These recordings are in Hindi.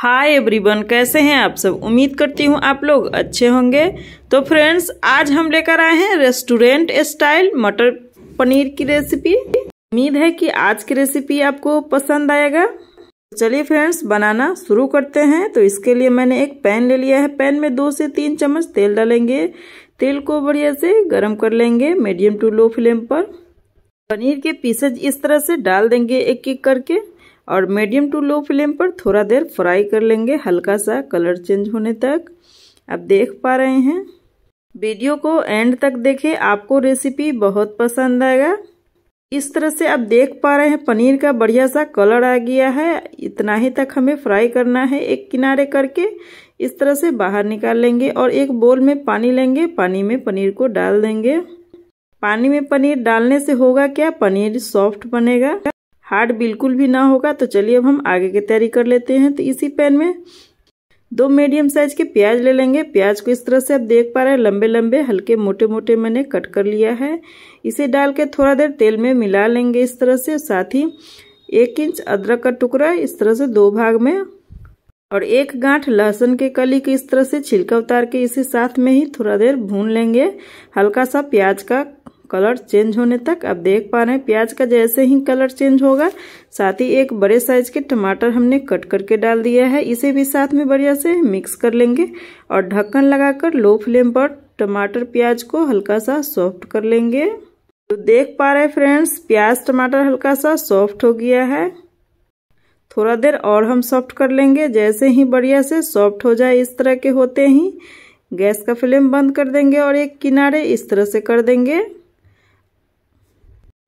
हाय एवरीवन कैसे हैं आप सब उम्मीद करती हूँ आप लोग अच्छे होंगे तो फ्रेंड्स आज हम लेकर आए हैं रेस्टोरेंट स्टाइल मटर पनीर की रेसिपी उम्मीद है कि आज की रेसिपी आपको पसंद आएगा तो चलिए फ्रेंड्स बनाना शुरू करते हैं तो इसके लिए मैंने एक पैन ले लिया है पैन में दो से तीन चम्मच तेल डालेंगे तेल को बढ़िया से गर्म कर लेंगे मीडियम टू लो फ्लेम पर पनीर के पीसेज इस तरह से डाल देंगे एक एक करके और मीडियम टू लो फ्लेम पर थोड़ा देर फ्राई कर लेंगे हल्का सा कलर चेंज होने तक आप देख पा रहे हैं वीडियो को एंड तक देखें आपको रेसिपी बहुत पसंद आएगा इस तरह से आप देख पा रहे हैं पनीर का बढ़िया सा कलर आ गया है इतना ही तक हमें फ्राई करना है एक किनारे करके इस तरह से बाहर निकाल लेंगे और एक बोल में पानी लेंगे पानी में पनीर को डाल देंगे पानी में पनीर डालने से होगा क्या पनीर सॉफ्ट बनेगा हार्ड बिल्कुल भी ना होगा तो चलिए अब हम आगे की तैयारी कर लेते हैं तो इसी पैन में दो मीडियम साइज के प्याज ले लेंगे प्याज को इस तरह से आप देख पा रहे हैं लंबे लंबे हल्के मोटे मोटे मैंने कट कर लिया है इसे डाल के थोड़ा देर तेल में मिला लेंगे इस तरह से साथ ही एक इंच अदरक का टुकड़ा इस तरह से दो भाग में और एक गांठ लहसुन के कली के इस तरह से छिलका उतार के इसे साथ में ही थोड़ा देर भून लेंगे हल्का सा प्याज का कलर चेंज होने तक आप देख पा रहे हैं प्याज का जैसे ही कलर चेंज होगा साथ ही एक बड़े साइज के टमाटर हमने कट करके डाल दिया है इसे भी साथ में बढ़िया से मिक्स कर लेंगे और ढक्कन लगाकर लो फ्लेम पर टमाटर प्याज को हल्का सा सॉफ्ट कर लेंगे तो देख पा रहे फ्रेंड्स प्याज टमाटर हल्का सा सॉफ्ट हो गया है थोड़ा देर और हम सॉफ्ट कर लेंगे जैसे ही बढ़िया से सॉफ्ट हो जाए इस तरह के होते ही गैस का फ्लेम बंद कर देंगे और एक किनारे इस तरह से कर देंगे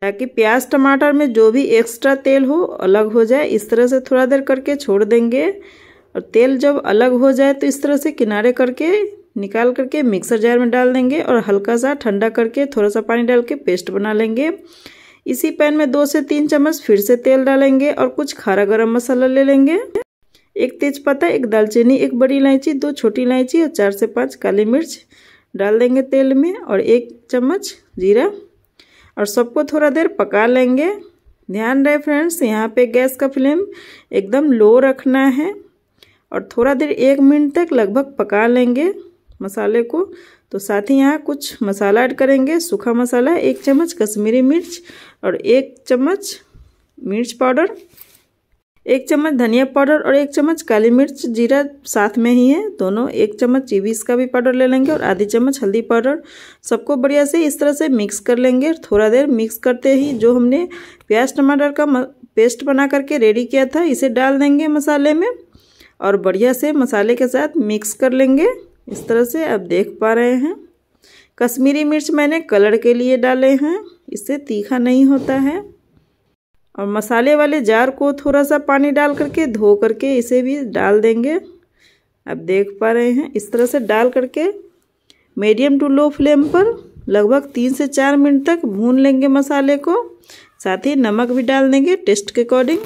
ताकि प्याज टमाटर में जो भी एक्स्ट्रा तेल हो अलग हो जाए इस तरह से थोड़ा देर करके छोड़ देंगे और तेल जब अलग हो जाए तो इस तरह से किनारे करके निकाल करके मिक्सर जार में डाल देंगे और हल्का सा ठंडा करके थोड़ा सा पानी डाल के पेस्ट बना लेंगे इसी पैन में दो से तीन चम्मच फिर से तेल डालेंगे और कुछ खारा गरम मसाला ले लेंगे एक तेजपत्ता एक दालचीनी एक बड़ी इलायची दो छोटी इलायची और चार से पाँच काली मिर्च डाल देंगे तेल में और एक चम्मच जीरा और सबको थोड़ा देर पका लेंगे ध्यान रहे फ्रेंड्स यहाँ पे गैस का फ्लेम एकदम लो रखना है और थोड़ा देर एक मिनट तक लगभग पका लेंगे मसाले को तो साथ ही यहाँ कुछ मसाला ऐड करेंगे सूखा मसाला एक चम्मच कश्मीरी मिर्च और एक चम्मच मिर्च पाउडर एक चम्मच धनिया पाउडर और एक चम्मच काली मिर्च जीरा साथ में ही है दोनों एक चम्मच चीवीस का भी पाउडर ले लेंगे और आधी चम्मच हल्दी पाउडर सबको बढ़िया से इस तरह से मिक्स कर लेंगे थोड़ा देर मिक्स करते ही जो हमने प्याज टमाटर का पेस्ट बना करके रेडी किया था इसे डाल देंगे मसाले में और बढ़िया से मसाले के साथ मिक्स कर लेंगे इस तरह से आप देख पा रहे हैं कश्मीरी मिर्च मैंने कलर के लिए डाले हैं इससे तीखा नहीं होता है और मसाले वाले जार को थोड़ा सा पानी डाल करके धो करके इसे भी डाल देंगे अब देख पा रहे हैं इस तरह से डाल करके मीडियम टू लो फ्लेम पर लगभग तीन से चार मिनट तक भून लेंगे मसाले को साथ ही नमक भी डाल देंगे टेस्ट के अकॉर्डिंग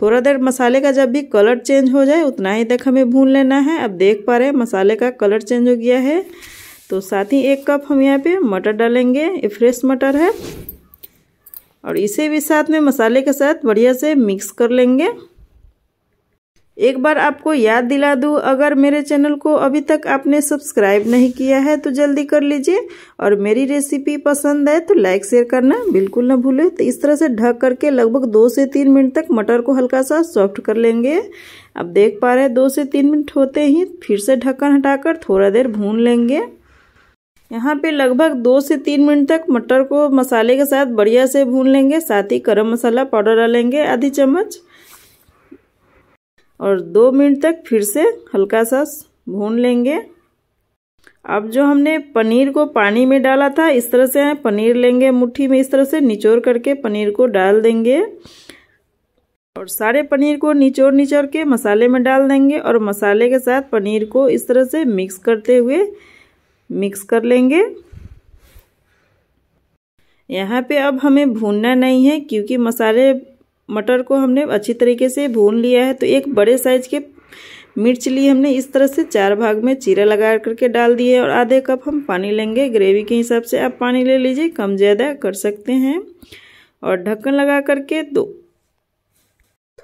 थोड़ा देर मसाले का जब भी कलर चेंज हो जाए उतना ही तक हमें भून लेना है अब देख पा रहे हैं मसाले का कलर चेंज हो गया है तो साथ ही एक कप हम यहाँ पे मटर डालेंगे ये फ्रेश मटर है और इसे भी साथ में मसाले के साथ बढ़िया से मिक्स कर लेंगे एक बार आपको याद दिला दूँ अगर मेरे चैनल को अभी तक आपने सब्सक्राइब नहीं किया है तो जल्दी कर लीजिए और मेरी रेसिपी पसंद है तो लाइक शेयर करना बिल्कुल ना भूलें तो इस तरह से ढक करके लगभग दो से तीन मिनट तक मटर को हल्का सा सॉफ्ट कर लेंगे अब देख पा रहे हैं दो से तीन मिनट होते ही फिर से ढक्कन हटाकर थोड़ा देर भून लेंगे यहाँ पे लगभग दो से तीन मिनट तक मटर को मसाले के साथ बढ़िया से भून लेंगे साथ ही गरम मसाला पाउडर डालेंगे आधी चम्मच और दो मिनट तक फिर से हल्का सा भून लेंगे अब जो हमने पनीर को पानी में डाला था इस तरह से पनीर लेंगे मुट्ठी में इस तरह से निचोड़ करके पनीर को डाल देंगे और सारे पनीर को निचोड़ निचोड़ के मसाले में डाल देंगे और मसाले के साथ पनीर को इस तरह से मिक्स करते हुए मिक्स कर लेंगे यहाँ पे अब हमें भूनना नहीं है क्योंकि मसाले मटर को हमने अच्छी तरीके से भून लिया है तो एक बड़े साइज के मिर्च ली हमने इस तरह से चार भाग में चीरा लगा करके डाल दिए और आधे कप हम पानी लेंगे ग्रेवी के हिसाब से आप पानी ले लीजिए कम ज़्यादा कर सकते हैं और ढक्कन लगा करके दो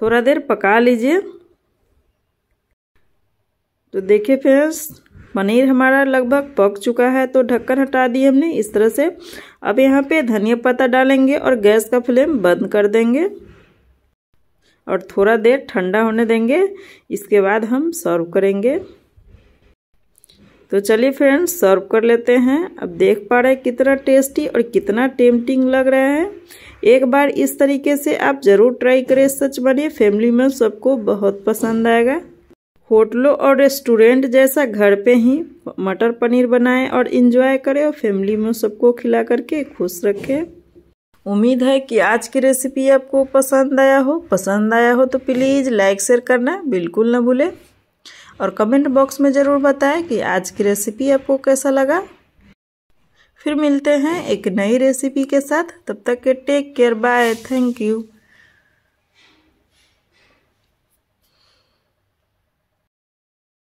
थोड़ा देर पका लीजिए तो देखिए फ्रेंड्स पनीर हमारा लगभग पक चुका है तो ढक्कन हटा दिए हमने इस तरह से अब यहाँ पे धनिया पत्ता डालेंगे और गैस का फ्लेम बंद कर देंगे और थोड़ा देर ठंडा होने देंगे इसके बाद हम सर्व करेंगे तो चलिए फ्रेंड्स सर्व कर लेते हैं अब देख पा रहे कितना टेस्टी और कितना टेम्पटिंग लग रहा है एक बार इस तरीके से आप ज़रूर ट्राई करें सच बने फैमिली में सबको बहुत पसंद आएगा होटलों और रेस्टोरेंट जैसा घर पे ही मटर पनीर बनाएं और इन्जॉय करें और फैमिली में सबको खिला करके खुश रखें उम्मीद है कि आज की रेसिपी आपको पसंद आया हो पसंद आया हो तो प्लीज़ लाइक शेयर करना बिल्कुल ना भूलें और कमेंट बॉक्स में ज़रूर बताएं कि आज की रेसिपी आपको कैसा लगा फिर मिलते हैं एक नई रेसिपी के साथ तब तक के take care bye thank you